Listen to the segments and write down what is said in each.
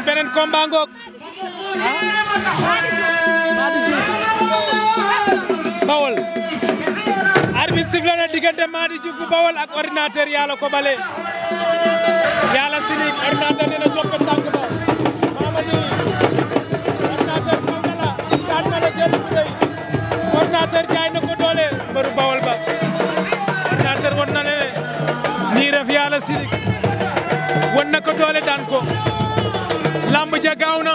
bi beneen combat ngoog Bawol arbitre sifflé na diggante Mady Diouf bu Bawol ak ordinateur yàlla ko bale yàlla sini ordinateur dina joppe tànk ba Mamadi ordinateur faw na la daan na la jël bu rëy jaay na ko doole mbëru Bawol ba ordinateur won na ne nii ref yàlla sini won na ko doole daan ko lamb ja gaaw na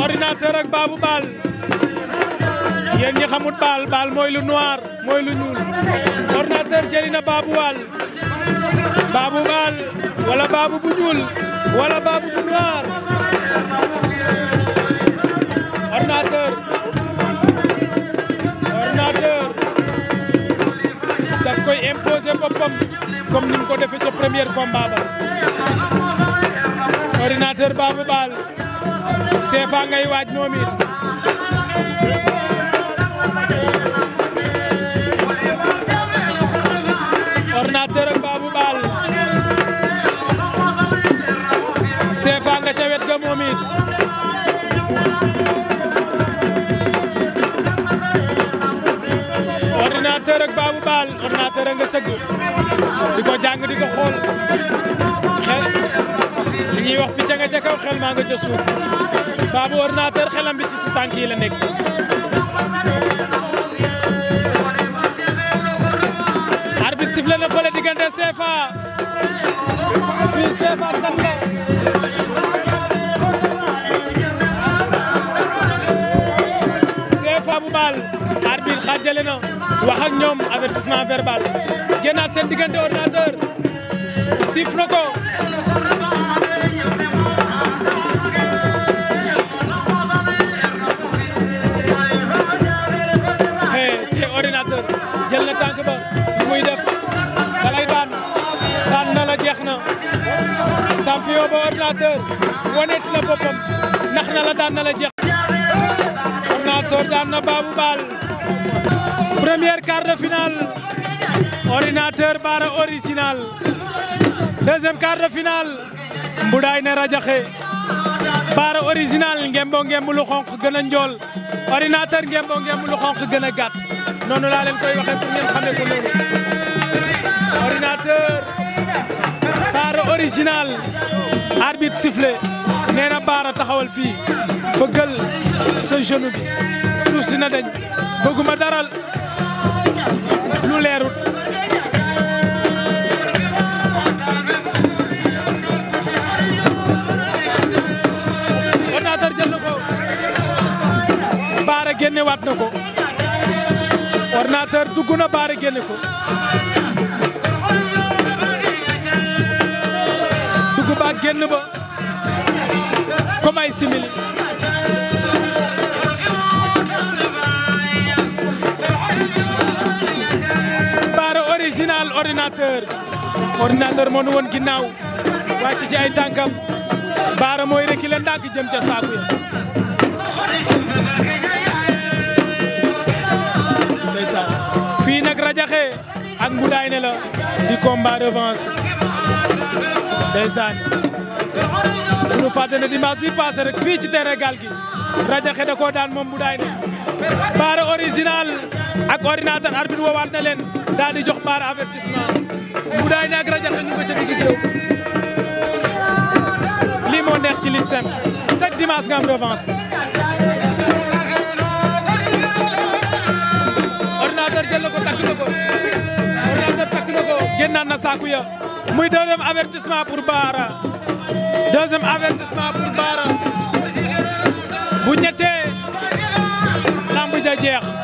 ordinateur ak Babou Baal yéen ñi xamut Baal Baal mooy lu noir mooy lu ñuul ordinateur jëli na Babou Babou Baal wala Babou bu ñuul wala Babou bu noir ordinateur ordinateur daf koy imposer boppam comme ni mu ko defee ca premier combat ba ordinateur Babou Baal CFA ngay waaj moom CFA nga ca wet ga moom it ordinateur ak Babou Baal ordinateur a nga sëgg di ko jàng di ko xool xel li ñuy nga ca kaw xel maa nga ca suuf Babou ordinateur xelam bi ci si tànk yi la nekk arbitre sifflé na fële diggante CFA fii CFA kan la verbal arbitre xaajale na wax ak ñoom avertissement diggante ordinateur siif na ko te ordinateur jël na tànk ba lu muy def dalay daan daan na la jeex na champion ba ordinateur waneet la boppam nax na la daan na la jeex Castor daan na Babou Baal première quart de finale ne Radiakhé bara original ngembo ngemb xonq gën a njool ordinateur ngembo ngemb xonq gën a gàtt noonu laa leen koy waxee pour ngeen xamee ko noonu ordinateur bara original arbitre sifflé nee taxawal fii fëggal sa bi suuf si na deñ bëgguma daral lu leerut Ordinateur jël na ko baara génne waat ko Ordinateur dugg na baara ko dugg ba génn ba comme ay simili ordinateur ordinateur moo nu woon ginnaaw wàcc ci ay tànkam baara mooy rek la ndàgg jëm ca saaku ya ndeysaan fii nag rajaxe ak mbudaay ne la di combat revanche ndeysaan bu ñu fàtte ne dimanche bi passé rek fii ci terrain Gaal gi rajaxe da koo daan moom mbudaay ne baara original ak ordinateur arbitre woowaat na leen daal di jox baar avertissement bu daay ne ak rajax ñu ca digg géew lii moo neex ci lutte simple chaque dimanche nga am revanche jël na ko takk na ko ordinateur takk ko génnaat na saaku muy deuxième avertissement pour Baara deuxième avertissement pour Baara bu ñettee lamb jeex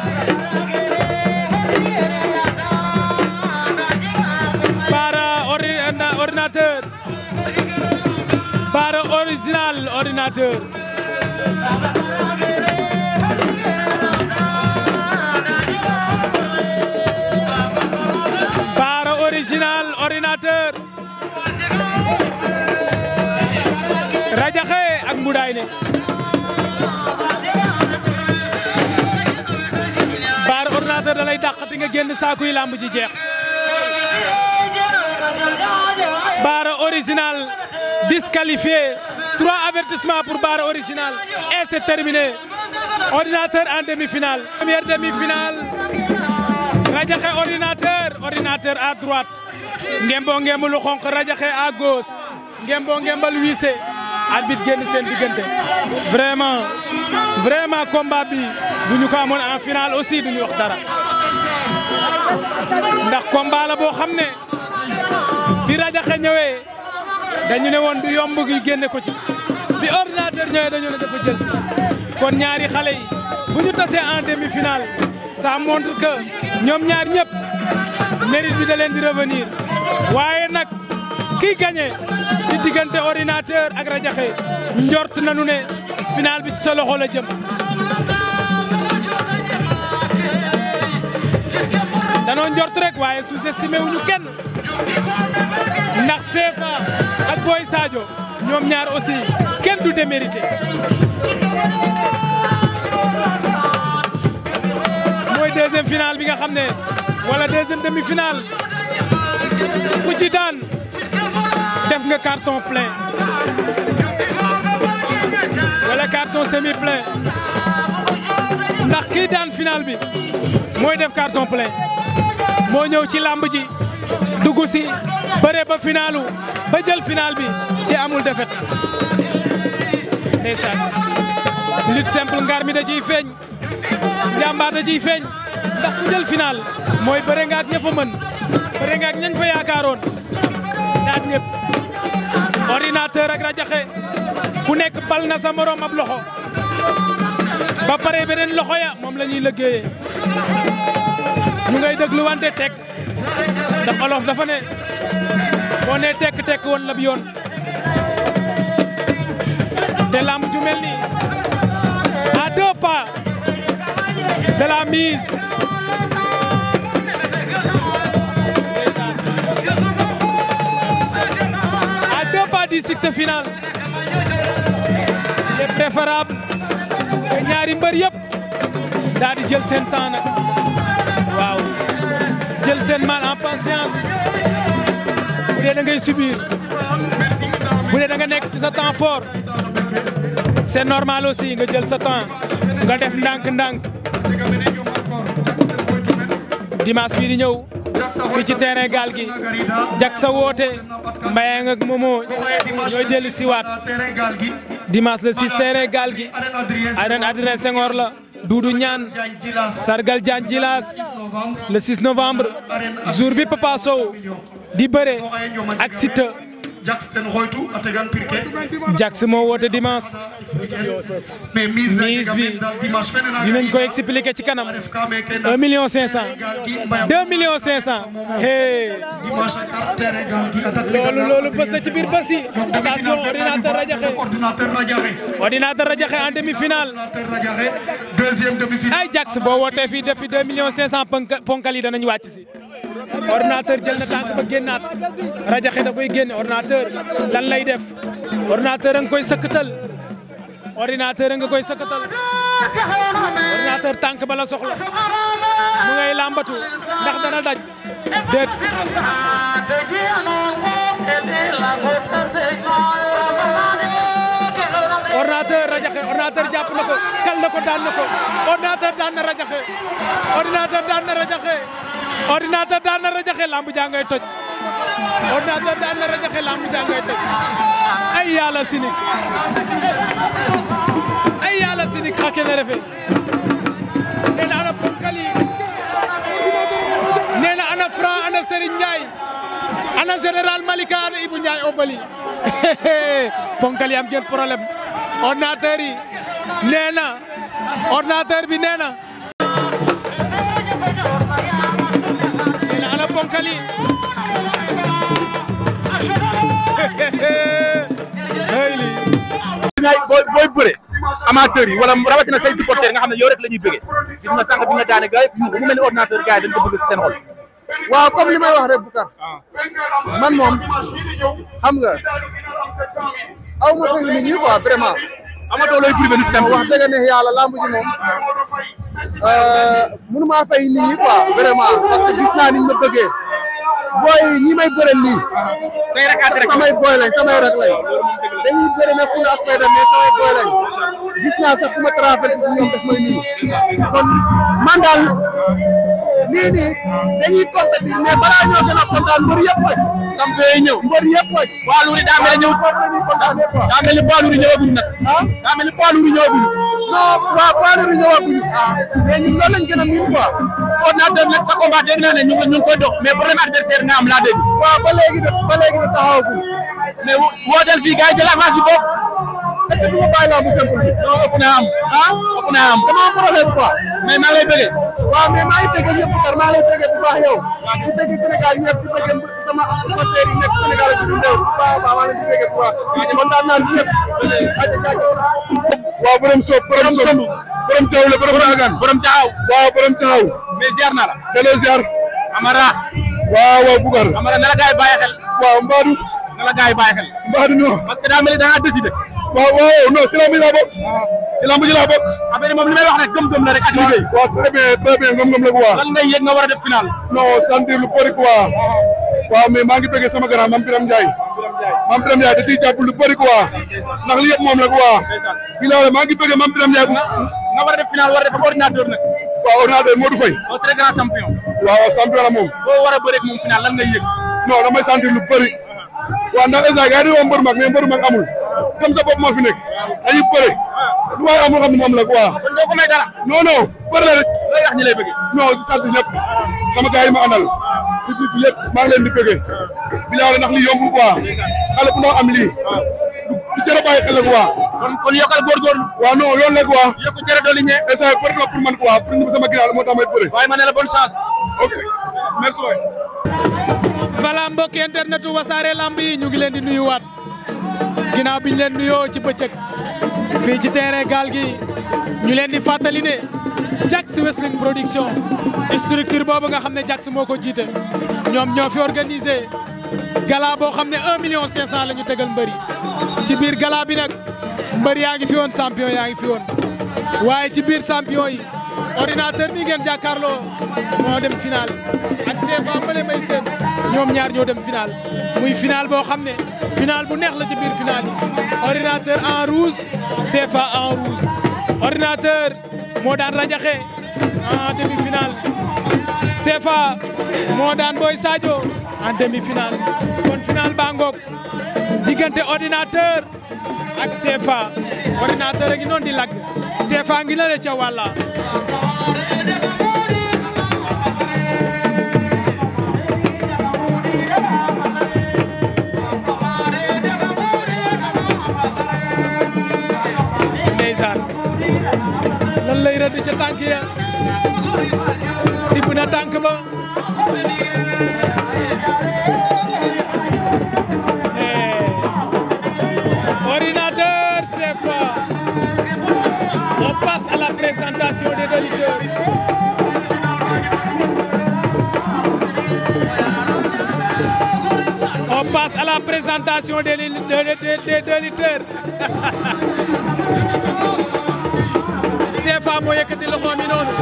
Bara original ordinateur Bara original ordinateur Radiakhé ak Mboudaye ne Bara ordinateur da lay dàqati nga génn saakuy làmb ji jeex Bara original disqualifié trois avertissements pour Bara original et c'est terminé ordinateur en demi final première demi-finale Radiakhé ordinateur ordinateur à droite ngembo ngembo lu xonq Radiakhé à gauche ngembo ngembal wiise arbitre génn seen diggante vraiment vraiment combat bi bu ñu ko amoon en finale aussi duñu wax ndax combat boo xam ne bi rajaxe ñëwee dañu ne woon du yomb gi génne ko ci bi ordinateur ñëwee dañu ne dafa jël kon ñaari xale yi bu ñu tasee en demi-finale ça ñoom ñaar ñëpp mérite bi da leen di revenir waaye nag kii gagné ci diggante ordinateur ak rajaxe njort nañu ne finale bi ci sa loxo jëm danoo njort rek waaye sous-estimé wuñu kenn ndax CFA ak Boy Sadio ñoom ñaar aussi kenn du démérité mooy deuxième finale bi nga xam ne wala deuxième demi finale ku ci daan def nga carton plein wala carton semi plein ndax kii daan finale bi mooy def carton plein moo ñëw ci làmb ji bëre ba finalu ba jël final bi te amul defet ndeysaan lutte simple ngar mi da ciy feeñ njàmbaar da ciy feeñ ndax jël final mooy bëre nga ak ña fa mën bëre nga ak ñañ fa yaakaaroon daat ñëpp ordinateur ak rajaxe ku nekk bal na sa moroom ab loxo ba pare beneen loxo ya moom la ñuy liggéeyee ñu ngay déglu wante teg da olof dafa ne moo ne tekk tekk woon la bi yoon te lamb ju nii à deux de la à deux pas du succès final il est ñaari mbër yëpp daal jël seen temps nag waaw jël seen mal en dee da ngay subir bu dee nga nekk ci sa temps fort c'est normal aussi nga jël sa nga def ndànk-ndànk dimanche bii di ñëw fii ci terrain gaal gi jak sa woote Mbayang ak Momo ñooy dellu si waat dimanche le 6 terrain gaal gi arène Adrien la Doudou Niane Sargal Diagne Djilass le 6 novembre jour bi Papa di bëre ak Siteu Jax moo woote dimanche mise bi dinañ ko expliquer ci kanam 1 million 500 2 million loolu loolu bës ci biir bës yi attention ordinateur Radiakhé en demi-finale ay Jax boo wootee fii def fi 2 million 500 ponkal yi danañ wàcc si. ordinateur jël na tànk ba génnaat rajaxe da koy génne ordinateur lan lay def ordinateur a nga koy sëkkatal ordinateur a nga koy sëkkatal tànk ba la soxla mu ngay làmbatu ndax rajaxe ordinateur jàpp na ko na ko daan daan na rajaxe ordinateur daan na rajaxe lamb jàngay toj ordinateur daan na rajaxe lamb jàngay toj ay yàlla sinik ay yàlla sinik xake na refe nee na ana ponkal yi nee ana Franc ana Serigne Ndiaye ana général Malika ana Ibou obali ponkal am ngeen problème ordinateur yi nee bi nee na ponkali hey li ngay booy booy bëre amateur yi wala rawatina say supporter nga xam ne yow la ñuy bëggee gis nga sànq bi nga daane gaay mu mel ni ordinateur gaay dañ ko bëgg ci waaw comme li may wax rek Boucar man moom xam nga aw ma fekk nit ñi quoi amatoo looy privé nit simple. wax dëgg ne yàlla lamb ji moom euh, mënumaa fay nit ñi quoi vraiment parce que gis naa ni ñu ma bëggee booy ñi may nii. samay booy lañ samay rek lañ dañuy bëri na fu samay booy lañ gis naa sax ku ma traversé si ñoom daf may nuyu kon man daal. lii nii dañuy compétir mais balaa ñoo gën a kontaan mbër yëpp ñëw mbër yëpp wëcc. waa Lourdes daa mel ni ñëw daa mel ni poids lourd ñëwaguñu nag. Ah? daa mel ni poids lourd ñëwaguñu. non waaw poids lourd ñëwaguñu. mais ñun loolu lañ gën a miin quoi. sa combat dégg naa ne ñu ngi ñu ngi koy ba léegi ba léegi de taxawagul. mais wooteel fii gars yi jël avance est-ce que du ma bàyyi laa bu simple bi. non ëpp naa am. ah ëpp naa am dama am problème quoi. mais maa lay bëggee. waaw mais maa ngi bëggee ñëpp kar maa lay bëggee bu baax yow. di bëggee Sénégal ñëpp di bëggee sama supporters yi nekk Sénégal ak bu ndaw bu baax a baax maa leen di bëggee bu baax. kontaan naa si ñëpp. jaajëf jaajëf. waaw borom soob borom soob borom caaw la borom agan borom caaw. waaw borom caaw. mais ziar naa la. delloo ziar. Amara. waaw waaw Bougar. Amara na la gars yi bàyyi xel. waaw Mbadou. na la gars yi bàyyi xel. Mbadou non. parce que daa mel ni da ngaa décidé. waaw waaw non si lamb ji laa bokk. Ah. si moom li may wax na gëm-gëm la rek ak liggéey. waaw très bien très bien la quoi. lan ngay yëg war a def final. non sentir lu bëri quoi. Ah, ah. waaw mais maa ngi bëggee sama grand Mame Birame Ndiaye. Mame Birame Ndiaye da ciy jàpp lu bëri quoi. ndax li yëpp moom la quoi. bilaay maa ngi bëggee Mame Birame Ndiaye. nga war a def final a moom. boo war a bëreeg moom final lan ngay yëg. non damay sentir lu bëri. waaw ndax instant gars yi dañoo mbër mag mais gëm sa bopp moo fi nekk dañuy bëre lu waaye am xam ne moom la quoi. kon doo ko may dara. non non bëri rek. looy wax ñi ñëpp sama gars yi ma àndal public bi yëpp maa ngi leen di bëggee bilaa wala ndax li yombul quoi xale bu noo am lii du jërë bàyyi xel quoi. kon kon yokkal góorgóorlu. waaw non yoon la quoi. yokku jërë dolli ñee. essai bëri na pour man quoi pour sama ginnaaw moo tax may bëre. waaye ma ne la bonne chance. ok merci waay. voilà mbokki internet Wassare Lamb yi ñu ngi leen di nuyuwaat. ginnaaw bi ñu leen nuyoo ci bëccëg fii ci terrain gaal gi ñu leen di fàttali ne Diaks Wrestling Production structure boobu nga xam ne Diaks moo ko jiita ñoom ñoo fi organisé gala boo xam ne 1 million 500 la ñu tegal mbëri ci biir gala bi nag mbëri yaa ngi fi woon champion yaa ngi fi woon waaye ci biir champion yi ordinateur bi ngeen jàkkaarloo moo dem final ak CFA mbële may seen ñoom ñaar ñoo dem final muy final boo xam ne. final bu neex la ci biir final yi ordinateur en rouge CFA en rouge ordinateur moo daan Radiakhé en demi finale CFA moo daan Boy Sadio en demi finale kon final baa ngoog diggante ordinateur ak CFA ordinateur a ngi noonu di lagg CFA ngi na le ca wàlla rëdd ca tànk ya tibb na tànk ba eh. ordinateur c'est quoi on passe à la présentation des deux lutteurs On passe à la présentation des, des, des, des deux lutteurs. CFA moo yëkkati loxoom noonu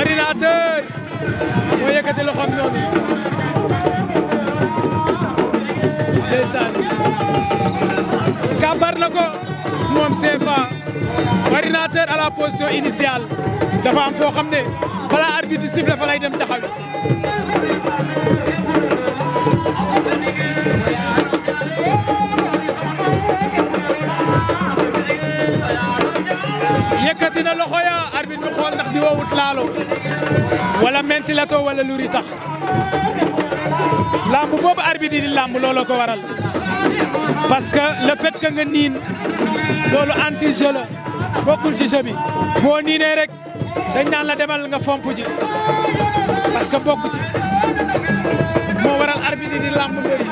ordinateur moo yëkkati loxoom noonu ndeysaan kàmbar na ko moom CFA ordinateur à la position initiale dafa foo xam ne balaa arbitre di siffle fa lay dem xool ndax di woowut laalo wala mentilato wala luri tax lamb boobu arbitre di lamb looloo ko waral parce que le fait que nga niin loolu anti jeu la bokkul boo niinee rek dañ naan la demal nga fomp parce que bokk moo waral arbitre di lamb mbëri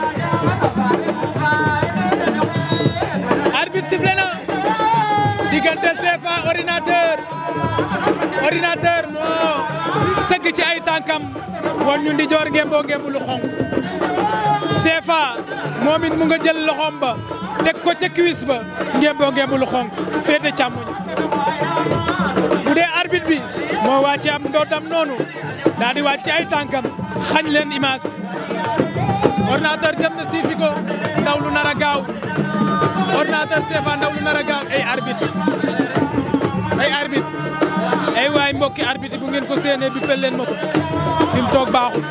arbitre sifflé na diggante CFA ordinateur ordinateur moo sëgg ci ay tànkam wan ñu ndijoor ngeen boo ngeen lu xonq mu nga jël loxoom ba teg ko ca cuisse ba ngeen boo ngeen lu xonq féete càmmuñ dee arbitre bi moo wàcc am ndoddam noonu daal di wàcc ay tànkam xañ leen image ordinateur jëm na siifi ndaw lu nar a gaaw ordinateur CFA ndaw lu nar a gaaw ay arbitre ay arbitre ay waay mbokki arbitre bu ngeen ko séenee bi pel leen ma ko fi mu toog baaxul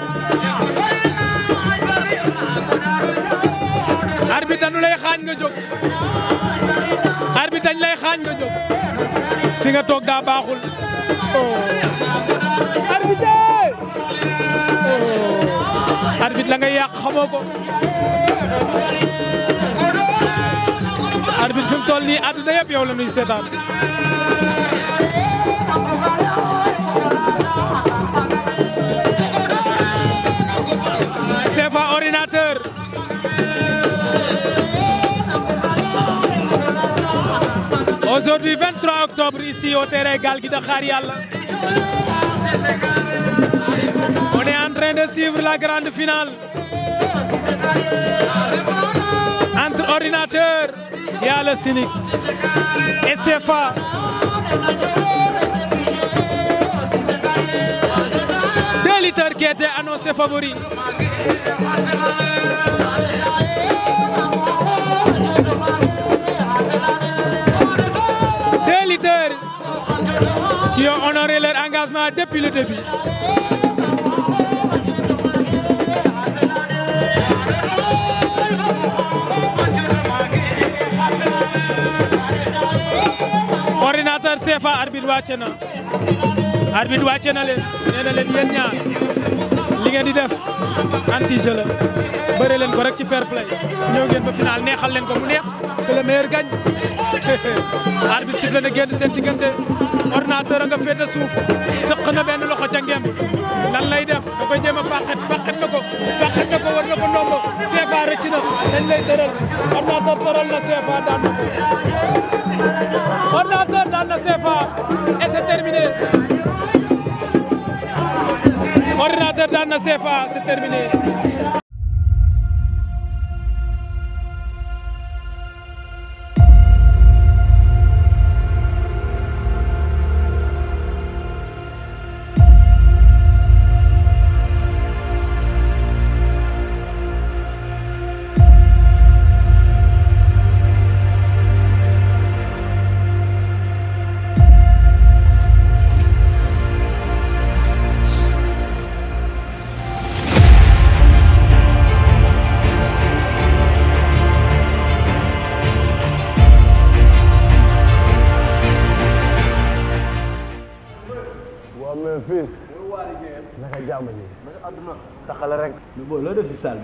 arbitre dañu lay xaañ nga jóg arbitre dañ lay xaañ nga jóg fi nga toog daa baaxul oh. arbitre oh. arbitre la ngay yàq xamoo ko arbitre fi mu toll nii àdduna la ñuy seetaan aujourd'hui 23 octobre ici au terrain Gaal Gui de Xaar Yàlla on de suivre la grande finale entre Ordinateur et Yalla Sinik et CFA deux lutteurs qui étaient annoncés favoris qui ont honoré leur engagement depuis le début. ordinateur CFA arbitre wàcce na arbitre wàcce na leen nee na leen yéen ñaar li ngeen di def anti-jeu la bëre leen ko rek ci fair play ñëw ngeen ba final neexal leen ko mu neex que le arbitre sifflé na génn seen diggante ordinateur a nga féete suuf sëq na loxo ca lan lay def da koy jéem a fàqat na ko fàqat na ko war na ko ndombo CFA rëcc na lay tëral ordinateur tëral na CFA daan na ko ordinateur daan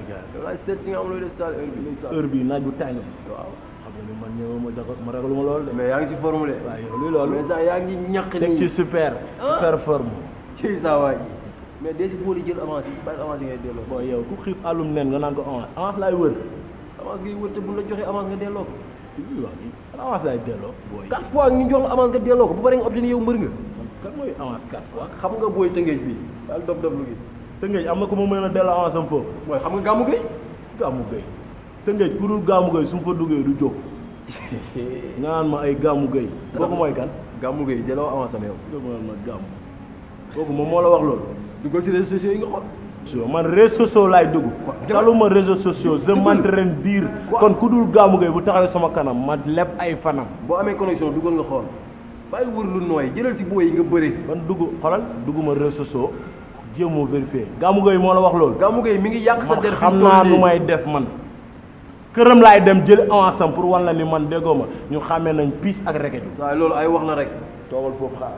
gars waaye seet si nga am looy def naaj bu tàng bi waaw. xam nga ni man ma jago ma ragalu ma loolu de. mais de. waaw yow luy loolu mais sax yaa ngi ñaq nii oh. teg la joxee avance nga delloo ko. lii wax nii avance laay delloo. booy quatre ko bu paree nga obtenir yow mbër nga. kan mooy avance xam nga booy tëngeej bi daal dob dob lu Tëngéej am na ku ma mën a dellu avance am foofu. mooy xam nga Gamou Gueye. Gamou Gueye Tëngéej ku dul Gamou Gueye su ma fa duggee du jóg. nga naan ma ay Gamou Gueye. kooku mooy gan Gamou Gueye jëloo avance am yow. jëloo moo la wax loolu. duggal si réseaux sociaux yi nga xool. man réseaux sociaux laay dugg taluma réseaux sociaux je m'entraîne dire kon ku dul gàmmu Gueye bu taxawee sama kanam ma leb ay fanam boo amee connexion duggal nga xool bàyyi wër lu nooy jëlal si booy yi nga bëri man dugg xoolal dugguma réseaux sociaux jéem moo vérifié Gamou Gueye moo la wax loolu. Gamou Gueye mi ngi yàq sa der xam naa nu may def man. këram laay dem jël avance pour wan la ni man déggoo ma ñu xàmme nañ piis ak rekeju. waaw loolu ay wax na rek. toogal foofu xaar.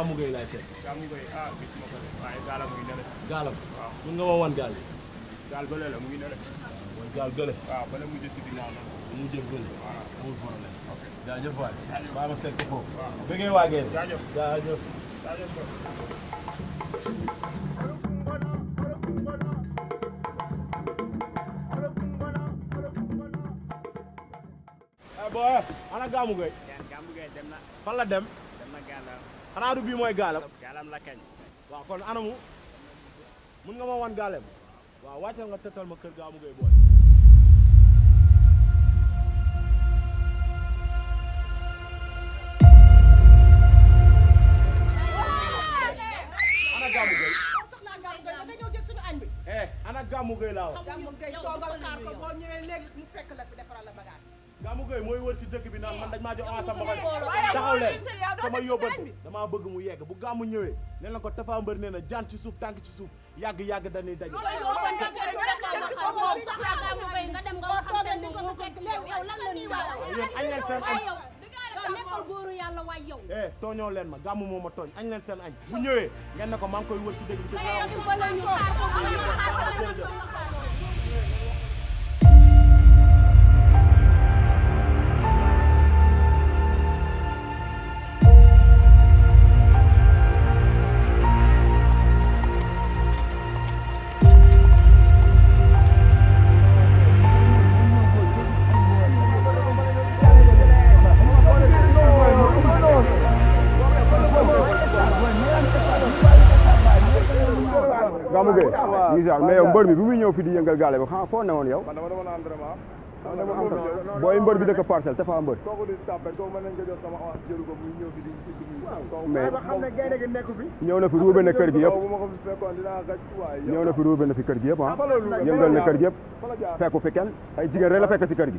Gamou Gueye laay seet. Gamou Gueye ah gis ma ko de waaye gaalam mu ngi nële. gaalam waaw mun nga woowoon gaal bi. gaal bële la mu ngi nële. mooy gaal gële. waaw bële mu jëm si ginnaaw la. mu jëm gële. waaw amul problème. ok jaajëf waay. jaajëf maa ma seet ko foofu. waaw bëggee waa Guèye. jaajëf jaajëf. jaajëf. Eh, booy ana Gamou Gueye. Gamou Gueye dem na. fan la dem. dem na gàllankoor. xanaa du bii mooy gaalam. gaalam la kañ. waaw kon anamu mun nga ma wan gaalem waaw wàccal nga tëtal ma kër gaamu ngay boole. ana gàmmu eh, gay laa Gamou Gueye mooy wër si dëkk bi naan man dañ maa jox en sama taxaw leen sama yóbbante damaa bëgg mu yegg bu Gamou ñëwee nee na ko Tapha Mbeur nee na jaan ci suuf tànk ci suuf yàgg yàgg dañuy daje. nga dem nga wax ak añ leen seen añ. tooñoo leen ma Gamou moo ma tooñ añ leen seen añ bu ñëwee ngeen ko maa ngi koy wër si dëkk bi. Isaac mais yow mbër bi bi muy ñëw fi di yëngal gaale bi xam foo newoon yow booy mbër bi dëkk parcelle te fa mbër mais ñëw na fi ruube ah. ah, na kër gi yëpp ñëw na fi ruube na fi kër gi yëpp ah yëngal na kër gi yëpp fekku fi kenn ay jigéen rek la fekk si kër gi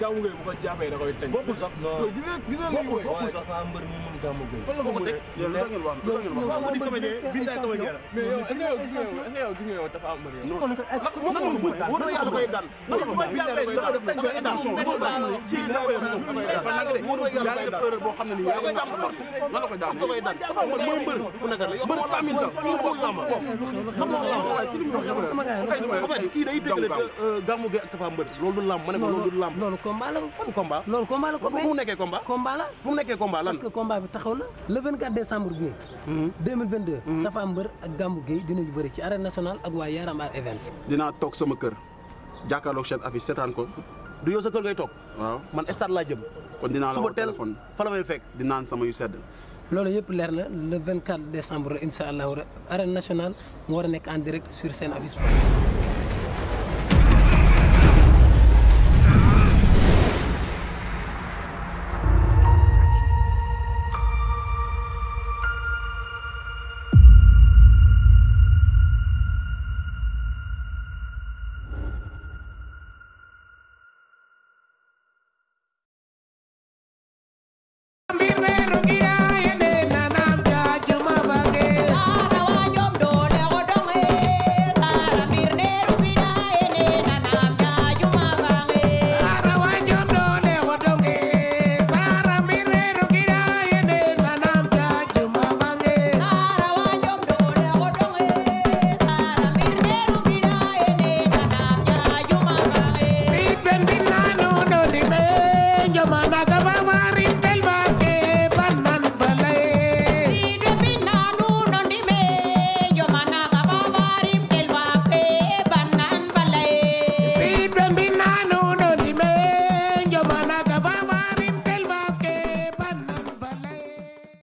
gàmmu gëy bu ko jàppee da koy teg bokkul sax gis nga gis nga lii bokkul sax fa mbër mu mën gàmmu gëy fan la ko ko teg yow lu ngeen wax lu ngeen wax di comédie bi tay comédie la mais yow est-ce que yow est-ce que yow gis nga yow dafa am mbër yow non non non non wóor na yàlla koy daan non non ko jàppee da koy daan attention wóor na yàlla ci da koy daan wóor na yàlla def erreur boo xam ne nii yaa koy daan sport nan la koy daan da koy daan mbër mooy mbër bu nekk la mbër tamit la fi ko lama xam nga lama waaye ci li mu wax sama gaay kii day tëgg gàmmu gëy ak tafa mbër loolu du lamb ma ne ko loolu du lamb combat la ban combat loolu combat la. bu mu nekkee combat combat la. bu mu nekkee combat lan parce que combat bi taxaw na. le 24 décembre bi. 2022. Tapha Mbeur ak Gamou Gueye dinañu bëri ci arène nationale ak waa Yaram Art Events. dinaa toog sama kër jàkkaarloog chef affiche seetaan ko. du yow sa kër ngay toog. waaw man stade laa jëm. kon dinaa la woo téléphone fa la may fekk. dinaan sama yu sedd. loolu yëpp leer na le 24 décembre incha allah arène nationale mu war a nekk en direct sur seen affiche.